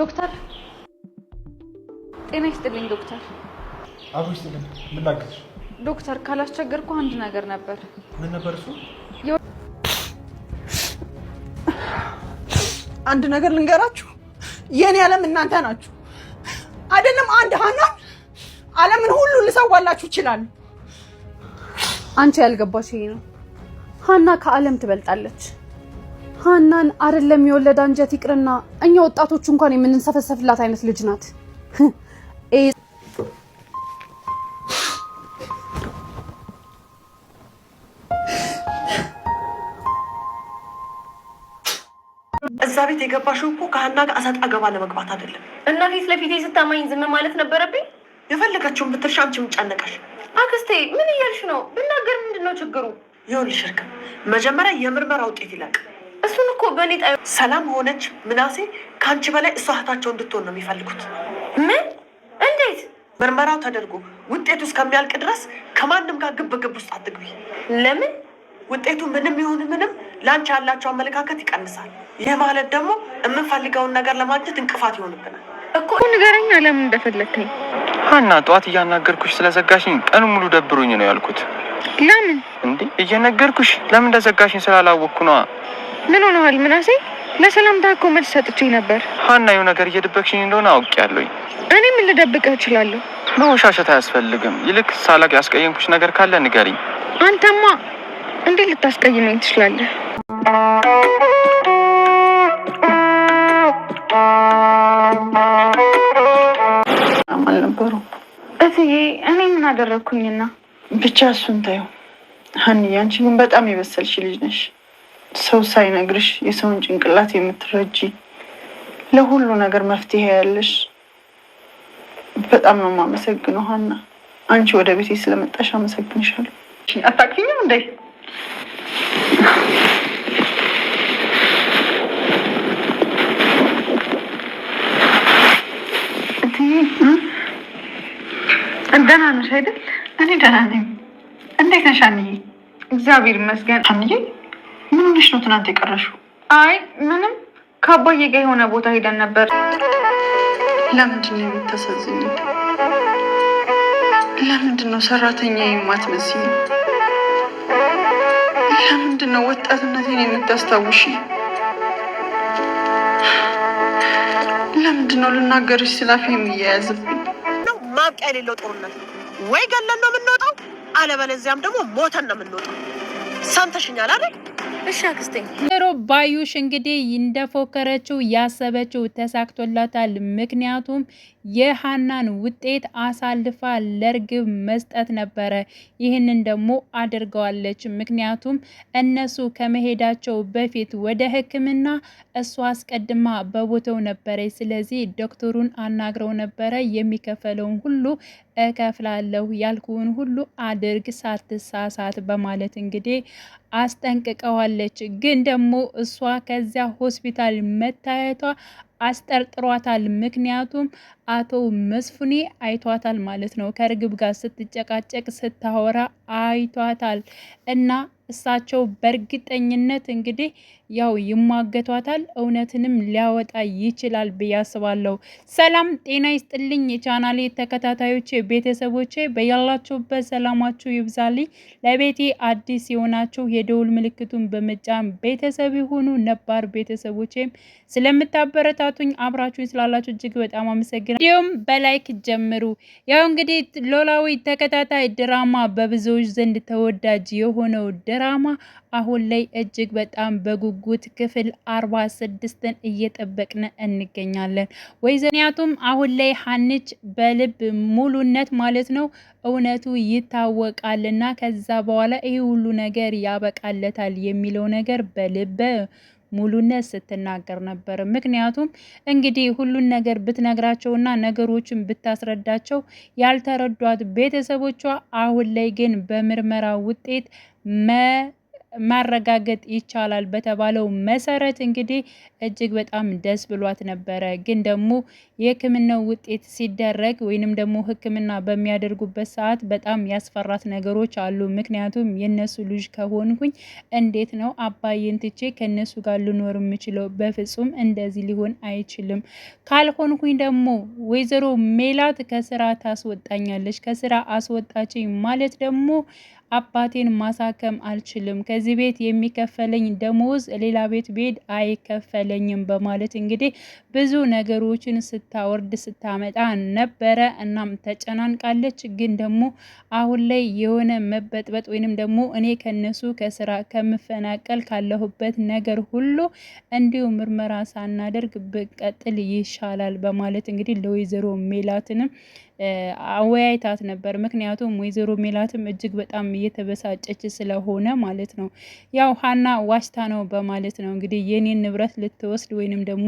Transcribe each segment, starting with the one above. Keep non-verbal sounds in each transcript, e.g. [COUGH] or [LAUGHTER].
ዶክተር ጤና ይስጥልኝ ዶክተር። አብሮ ይስጥልኝ። ምን ላግዝሽ? ዶክተር ካላስቸገርኩ አንድ ነገር ነበር። ምን ነበር እሱ? አንድ ነገር ልንገራችሁ፣ የኔ ዓለም እናንተ ናችሁ። አይደለም አንድ ሀና ዓለምን ሁሉ ልሰዋላችሁ ይችላሉ። አንቺ ያልገባሽ ይሄ ነው፣ ሀና ከዓለም ትበልጣለች። ሀናን አይደለም የወለድ አንጀት ይቅርና እኛ ወጣቶቹ እንኳን የምንሰፈሰፍላት አይነት ልጅ ናት። [LAUGHS] እዛ ቤት የገባሽው እኮ ከሀና ጋር አሳጣ ገባ ለመግባት አይደለም። እና ፊት ለፊቴ ስታማኝ ዝም ማለት ነበረብኝ። የፈለገችውን ብትልሽ አንቺም ጨነቀሽ። አክስቴ ምን እያልሽ ነው? ብናገር ምንድን ነው ችግሩ? ይኸውልሽ እርግብ፣ መጀመሪያ የምርመራ ውጤት ይለቅ እኮ በእኔ ሰላም ሆነች ምናሴ ከአንቺ በላይ እሷ እህታቸው እንድትሆን ነው የሚፈልጉት። ምን? እንዴት? ምርመራው ተደርጎ ውጤቱ እስከሚያልቅ ድረስ ከማንም ጋር ግብ ግብ ውስጥ አትግቢ። ለምን? ውጤቱ ምንም ይሁን ምንም ለአንቺ ያላቸው አመለካከት ይቀንሳል። ይህ ማለት ደግሞ የምንፈልገውን ነገር ለማግኘት እንቅፋት ይሆንብናል እኮ። ንገረኛ፣ ለምን እንደፈለግከኝ ሀና። ጠዋት እያናገርኩሽ ስለዘጋሽኝ ቀኑ ሙሉ ደብሮኝ ነው ያልኩት። ለምን እንዴ? እየነገርኩሽ ለምን እንደዘጋሽኝ ስላላወቅኩ ነዋ። ምን ሆነዋል ምናሴ? ለሰላምታ እኮ መልስ ሰጥቼ ነበር። ሀና የው ነገር እየደበቅሽኝ እንደሆነ አውቅ እኔ ምን ልደብቅህ እችላለሁ? መወሻሸት አያስፈልግም። ይልቅ ሳላቅ ያስቀየምኩሽ ነገር ካለ ንገሪኝ። አንተማ እንዴት ልታስቀይመኝ ትችላለህ? አልነበሩ እትዬ፣ እኔ ምን አደረግኩኝና ብቻ እሱን ታየው። ሀኒ አንቺ ግን በጣም የበሰልሽ ልጅ ነሽ። ሰው ሳይነግርሽ የሰውን ጭንቅላት የምትረጂ ለሁሉ ነገር መፍትሄ ያለሽ በጣም ነው የማመሰግነው። ሀና አንቺ ወደ ቤቴ ስለመጣሽ አመሰግንሻለሁ። አታክኝም እንዴ? ደህና ነሽ አይደል? እኔ ደህና ነኝ። እንዴት ነሽ አንዬ? እግዚአብሔር ይመስገን። አንዬ ምን ሆነሽ ነው ትናንት የቀረሽው? አይ ምንም፣ ከአባዬ ጋር የሆነ ቦታ ሄደን ነበር። ለምንድን ነው የምታሳዝኝ? ለምንድን ነው ሰራተኛ የማትመስኝ? ለምንድን ነው ወጣትነቴን የምታስታውሽ? ለምንድን ነው ልናገርሽ ስላፊ የሚያያዝብኝ? ማብቂያ የሌለው ጦርነት ነው ወይ ገለን ነው የምንወጣው፣ አለበለዚያም ደግሞ ሞተን ነው የምንወጣው። ሰምተሽኛል አይደል? ሮ ባዩሽ እንግዲህ እንደፎከረችው ያሰበችው ተሳክቶላታል። ምክንያቱም የሀናን ውጤት አሳልፋ ለርግብ መስጠት ነበረ። ይህንን ደግሞ አድርገዋለች። ምክንያቱም እነሱ ከመሄዳቸው በፊት ወደ ሕክምና እሷ አስቀድማ በቦታው ነበረች። ስለዚህ ዶክተሩን አናግረው ነበረ። የሚከፈለውን ሁሉ እከፍላለሁ፣ ያልኩውን ሁሉ አድርግ፣ ሳትሳሳት በማለት እንግዲህ አስጠንቅቀዋለች። ግን ደግሞ እሷ ከዚያ ሆስፒታል መታየቷ አስጠርጥሯታል። ምክንያቱም አቶ መስፍኔ አይቷታል ማለት ነው። ከርግብ ጋር ስትጨቃጨቅ ስታወራ አይቷታል እና እሳቸው በእርግጠኝነት እንግዲህ ያው ይሟገቷታል፣ እውነትንም ሊያወጣ ይችላል ብዬ አስባለሁ። ሰላም ጤና ይስጥልኝ የቻናሌ ተከታታዮቼ ቤተሰቦቼ፣ በያላችሁበት ሰላማችሁ ይብዛልኝ። ለቤቴ አዲስ የሆናችሁ የደውል ምልክቱን በመጫን ቤተሰብ የሆኑ ነባር ቤተሰቦቼም ስለምታበረታቱኝ አብራችሁኝ ስላላችሁ እጅግ በጣም አመሰግናለሁ። ቪዲዮም በላይክ ጀምሩ። ያው እንግዲህ ኖላዊ ተከታታይ ድራማ በብዙዎች ዘንድ ተወዳጅ የሆነው ድራማ አሁን ላይ እጅግ በጣም በጉጉት ክፍል አርባ ስድስትን እየጠበቅን እንገኛለን። ወይዘንያቱም አሁን ላይ ሀንች በልብ ሙሉነት ማለት ነው እውነቱ ይታወቃልና ከዛ በኋላ ይህ ሁሉ ነገር ያበቃለታል የሚለው ነገር በልበ ሙሉነት ስትናገር ነበር። ምክንያቱም እንግዲህ ሁሉን ነገር ብትነግራቸውና ነገሮችን ብታስረዳቸው ያልተረዷት ቤተሰቦቿ አሁን ላይ ግን በምርመራ ውጤት ማረጋገጥ ይቻላል በተባለው መሰረት እንግዲህ እጅግ በጣም ደስ ብሏት ነበረ። ግን ደግሞ የሕክምናው ውጤት ሲደረግ ወይንም ደግሞ ሕክምና በሚያደርጉበት ሰዓት በጣም ያስፈራት ነገሮች አሉ። ምክንያቱም የነሱ ልጅ ከሆንኩኝ እንዴት ነው አባዬን ትቼ ከነሱ ጋር ልኖር የምችለው? በፍጹም እንደዚህ ሊሆን አይችልም። ካልሆንኩኝ ደግሞ ወይዘሮ ሜላት ከስራ ታስወጣኛለች። ከስራ አስወጣችኝ ማለት ደግሞ አባቴን ማሳከም አልችልም፣ ከዚህ ቤት የሚከፈለኝ ደሞዝ ሌላ ቤት ብሄድ አይከፈለኝም በማለት እንግዲህ ብዙ ነገሮችን ስታወርድ ስታመጣ ነበረ። እናም ተጨናንቃለች። ግን ደግሞ አሁን ላይ የሆነ መበጥበጥ ወይንም ደግሞ እኔ ከነሱ ከስራ ከምፈናቀል ካለሁበት ነገር ሁሉ እንዲሁ ምርመራ ሳናደርግ ብቀጥል ይሻላል በማለት እንግዲህ ለወይዘሮ ሜላትንም አወያይታት ነበር። ምክንያቱም ወይዘሮ ሜላትም እጅግ በጣም እየተበሳጨች ስለሆነ ማለት ነው። ያው ሀና ዋሽታ ነው በማለት ነው እንግዲህ የኔን ንብረት ልትወስድ ወይንም ደግሞ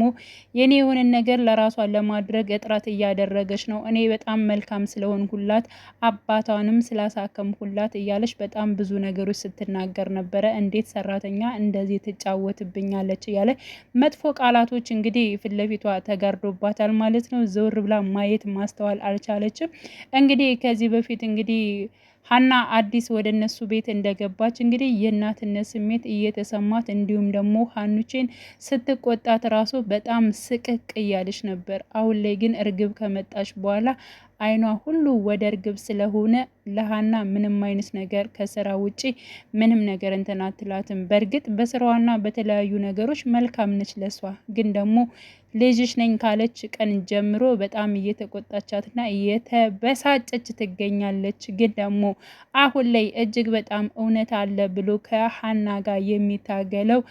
የኔ የሆነን ነገር ለራሷ ለማድረግ እጥረት እያደረገች ነው። እኔ በጣም መልካም ስለሆንኩላት አባቷንም ስላሳከምኩላት እያለች በጣም ብዙ ነገሮች ስትናገር ነበረ። እንዴት ሰራተኛ እንደዚህ ትጫወትብኛለች እያለ መጥፎ ቃላቶች እንግዲህ ፊት ለፊቷ ተጋርዶባታል ማለት ነው። ዘውር ብላ ማየት ማስተዋል አልቻለ አለችም። እንግዲህ ከዚህ በፊት እንግዲህ ሀና አዲስ ወደ እነሱ ቤት እንደገባች እንግዲህ የእናትነት ስሜት እየተሰማት እንዲሁም ደግሞ ሀኑቼን ስትቆጣት ራሱ በጣም ስቅቅ እያለች ነበር። አሁን ላይ ግን እርግብ ከመጣች በኋላ አይኗ ሁሉ ወደ እርግብ ስለሆነ ለሀና ምንም አይነት ነገር ከስራ ውጪ ምንም ነገር እንትን አትላትም። በእርግጥ በስራዋና በተለያዩ ነገሮች መልካም ነች። ለሷ ግን ደግሞ ልጅሽ ነኝ ካለች ቀን ጀምሮ በጣም እየተቆጣቻትና እየተበሳጨች ትገኛለች። ግን ደግሞ አሁን ላይ እጅግ በጣም እውነት አለ ብሎ ከሀና ጋር የሚታገለው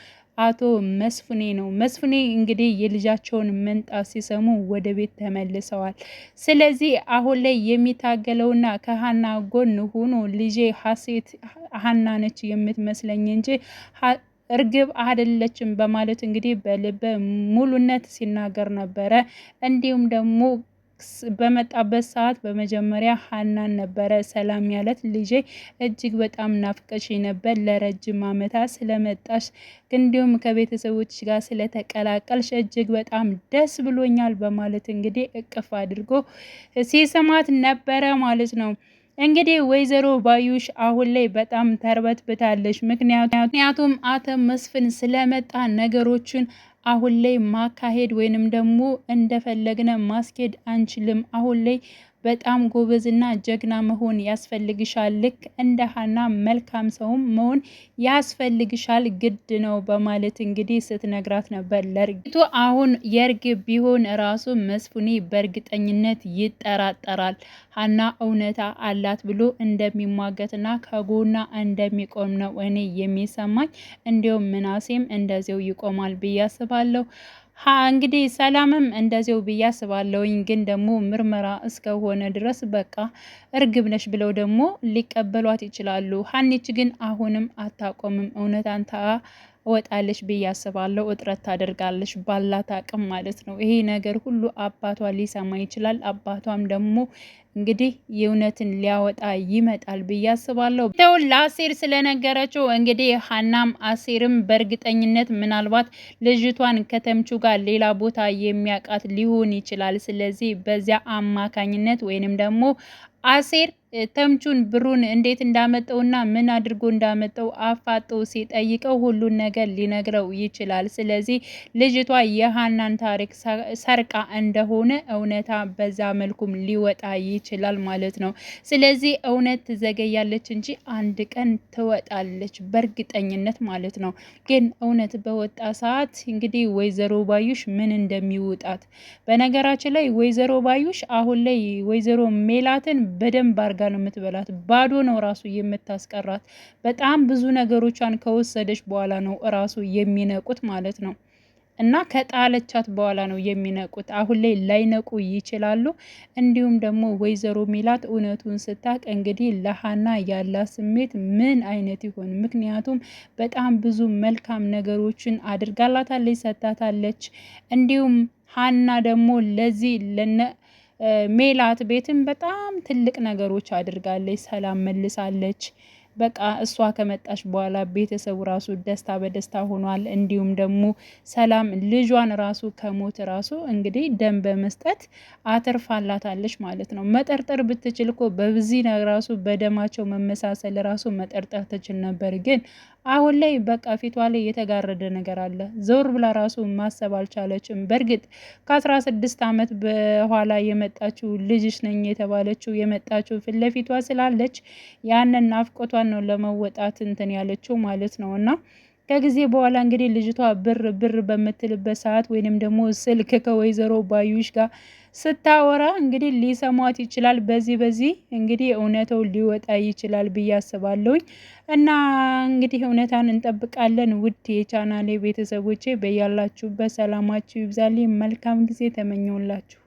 አቶ መስፍኔ ነው። መስፍኔ እንግዲህ የልጃቸውን መንጣት ሲሰሙ ወደ ቤት ተመልሰዋል። ስለዚህ አሁን ላይ የሚታገለውና ከሀና ጎን ሆኖ ልጄ ሀሴት ሀና ነች የምትመስለኝ እንጂ እርግብ አይደለችም በማለት እንግዲህ በልበ ሙሉነት ሲናገር ነበረ። እንዲሁም ደግሞ በመጣበት ሰዓት በመጀመሪያ ሀናን ነበረ ሰላም ያለት። ልጄ እጅግ በጣም ናፍቀሽ ነበር ለረጅም ዓመታት ስለመጣሽ እንዲሁም ከቤተሰቦች ጋር ስለተቀላቀልሽ እጅግ በጣም ደስ ብሎኛል በማለት እንግዲህ እቅፍ አድርጎ ሲስማት ነበረ ማለት ነው። እንግዲህ ወይዘሮ ባዩሽ አሁን ላይ በጣም ተርበትብታለች። ምክንያቱም አቶ መስፍን ስለመጣ ነገሮችን አሁን ላይ ማካሄድ ወይንም ደግሞ እንደፈለግነ ማስኬድ አንችልም። አሁን ላይ በጣም ጎበዝና ጀግና መሆን ያስፈልግሻል። ልክ እንደ ሀና መልካም ሰውም መሆን ያስፈልግሻል፣ ግድ ነው በማለት እንግዲህ ስትነግራት ነበር። ለእርግቱ አሁን የእርግብ ቢሆን ራሱ መስፍኔ በእርግጠኝነት ይጠራጠራል ሀና እውነታ አላት ብሎ እንደሚሟገትና ከጎና እንደሚቆም ነው እኔ የሚሰማኝ። እንዲሁም ምናሴም እንደዚው ይቆማል ብዬ አስባለሁ። እንግዲህ ሰላምም እንደዚው ብዬ አስባለሁኝ። ግን ደግሞ ምርመራ እስከሆነ ድረስ በቃ እርግብ ነሽ ብለው ደግሞ ሊቀበሏት ይችላሉ። ሀኒች ግን አሁንም አታቆምም እውነታን ወጣለች ብዬ አስባለሁ። እጥረት ታደርጋለች ባላት አቅም ማለት ነው። ይሄ ነገር ሁሉ አባቷ ሊሰማ ይችላል። አባቷም ደግሞ እንግዲህ የእውነትን ሊያወጣ ይመጣል ብዬ አስባለሁ። አሴር ለአሴር ስለነገረችው እንግዲህ ሀናም አሴርም በእርግጠኝነት ምናልባት ልጅቷን ከተምቹ ጋር ሌላ ቦታ የሚያውቃት ሊሆን ይችላል። ስለዚህ በዚያ አማካኝነት ወይንም ደግሞ አሴር ተምቹን ብሩን እንዴት እንዳመጠውና ምን አድርጎ እንዳመጠው አፋጦ ሲጠይቀው ሁሉን ነገር ሊነግረው ይችላል። ስለዚህ ልጅቷ የሀናን ታሪክ ሰርቃ እንደሆነ እውነታ በዛ መልኩም ሊወጣ ይችላል ማለት ነው። ስለዚህ እውነት ትዘገያለች እንጂ አንድ ቀን ትወጣለች በእርግጠኝነት ማለት ነው። ግን እውነት በወጣ ሰዓት እንግዲህ ወይዘሮ ባዩሽ ምን እንደሚውጣት በነገራችን ላይ ወይዘሮ ባዩሽ አሁን ላይ ወይዘሮ ሜላትን በደንብ አርጋ ነው የምትበላት። ባዶ ነው ራሱ የምታስቀራት። በጣም ብዙ ነገሮቿን ከወሰደች በኋላ ነው ራሱ የሚነቁት ማለት ነው። እና ከጣለቻት በኋላ ነው የሚነቁት። አሁን ላይ ላይነቁ ይችላሉ። እንዲሁም ደግሞ ወይዘሮ ሚላት እውነቱን ስታቅ እንግዲህ ለሀና ያላ ስሜት ምን አይነት ይሆን? ምክንያቱም በጣም ብዙ መልካም ነገሮችን አድርጋላታለች፣ ሰታታለች። እንዲሁም ሀና ደግሞ ለዚህ ለነ ሜላት ቤትም በጣም ትልቅ ነገሮች አድርጋለች፣ ሰላም መልሳለች። በቃ እሷ ከመጣች በኋላ ቤተሰቡ ራሱ ደስታ በደስታ ሆኗል። እንዲሁም ደግሞ ሰላም ልጇን ራሱ ከሞት ራሱ እንግዲህ ደም በመስጠት አተርፋላታለች ማለት ነው። መጠርጠር ብትችል እኮ በብዚህ ራሱ በደማቸው መመሳሰል ራሱ መጠርጠር ትችል ነበር። ግን አሁን ላይ በቃ ፊቷ ላይ የተጋረደ ነገር አለ። ዘውር ብላ ራሱ ማሰብ አልቻለችም። በእርግጥ ከአስራ ስድስት ዓመት በኋላ የመጣችው ልጅሽ ነኝ የተባለችው የመጣችው ፊት ለፊቷ ስላለች ያንን ናፍቆቷ ብቻዋን ነው ለመወጣት እንትን ያለችው ማለት ነው እና ከጊዜ በኋላ እንግዲህ ልጅቷ ብር ብር በምትልበት ሰዓት ወይንም ደግሞ ስልክ ከወይዘሮ ባዩሽ ጋር ስታወራ እንግዲህ ሊሰሟት ይችላል። በዚህ በዚህ እንግዲህ እውነተው ሊወጣ ይችላል ብዬ አስባለሁኝ እና እንግዲህ እውነታን እንጠብቃለን። ውድ የቻናሌ ቤተሰቦቼ በያላችሁበት ሰላማችሁ ይብዛልኝ። መልካም ጊዜ ተመኘውላችሁ።